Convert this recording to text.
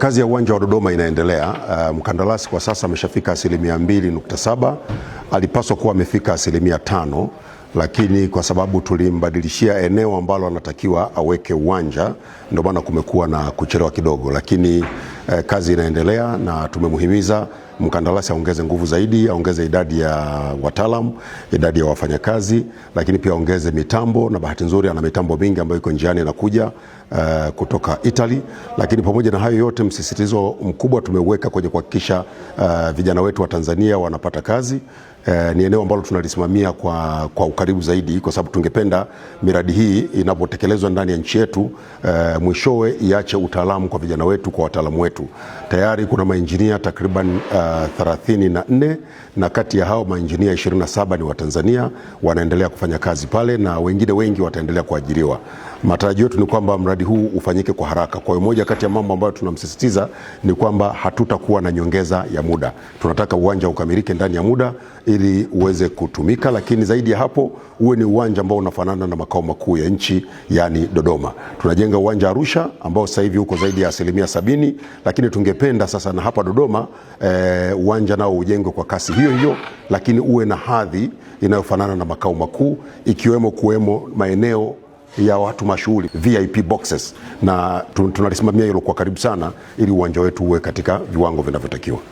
kazi ya uwanja wa Dodoma inaendelea. Uh, mkandarasi kwa sasa ameshafika asilimia mbili Alipaswa kuwa amefika asilimia tano, lakini kwa sababu tulimbadilishia eneo ambalo anatakiwa aweke uwanja, ndio maana kumekuwa na kuchelewa kidogo, lakini eh, kazi inaendelea na tumemhimiza mkandarasi aongeze nguvu zaidi, aongeze idadi ya wataalamu, idadi ya wafanyakazi, lakini pia aongeze mitambo. Na bahati nzuri ana mitambo mingi ambayo iko njiani inakuja uh, eh, kutoka Italy. Lakini pamoja na hayo yote, msisitizo mkubwa tumeuweka kwenye kuhakikisha uh, vijana wetu wa Tanzania wanapata kazi eh, ni eneo ambalo tunalisimamia kwa, kwa ukaribu zaidi kwa sababu tungependa miradi hii inapotekelezwa ndani ya nchi yetu eh, mwishowe iache utaalamu kwa vijana wetu, kwa wataalamu wetu. Tayari kuna mainjinia takriban eh, thelathini na nne na kati ya hao mainjinia 27 ni Watanzania wanaendelea kufanya kazi pale na wengine wengi wataendelea kuajiriwa. Matarajio yetu ni kwamba mradi huu ufanyike kwa haraka. Kwa hiyo moja kati ya mambo ambayo tunamsisitiza ni kwamba hatutakuwa na nyongeza ya muda. Tunataka uwanja ukamilike ndani ya muda ili uweze kutumika, lakini zaidi ya hapo uwe ni uwanja ambao unafanana na makao makuu ya nchi, yani Dodoma. Tunajenga uwanja Arusha ambao sasa hivi uko zaidi ya asilimia sabini, lakini tungependa sasa na hapa Dodoma e, uwanja nao ujengwe kwa kasi hiyo hiyo, lakini uwe na hadhi inayofanana na makao makuu ikiwemo kuwemo maeneo ya watu mashuhuri VIP boxes, na tunalisimamia hilo kwa karibu sana, ili uwanja wetu uwe katika viwango vinavyotakiwa.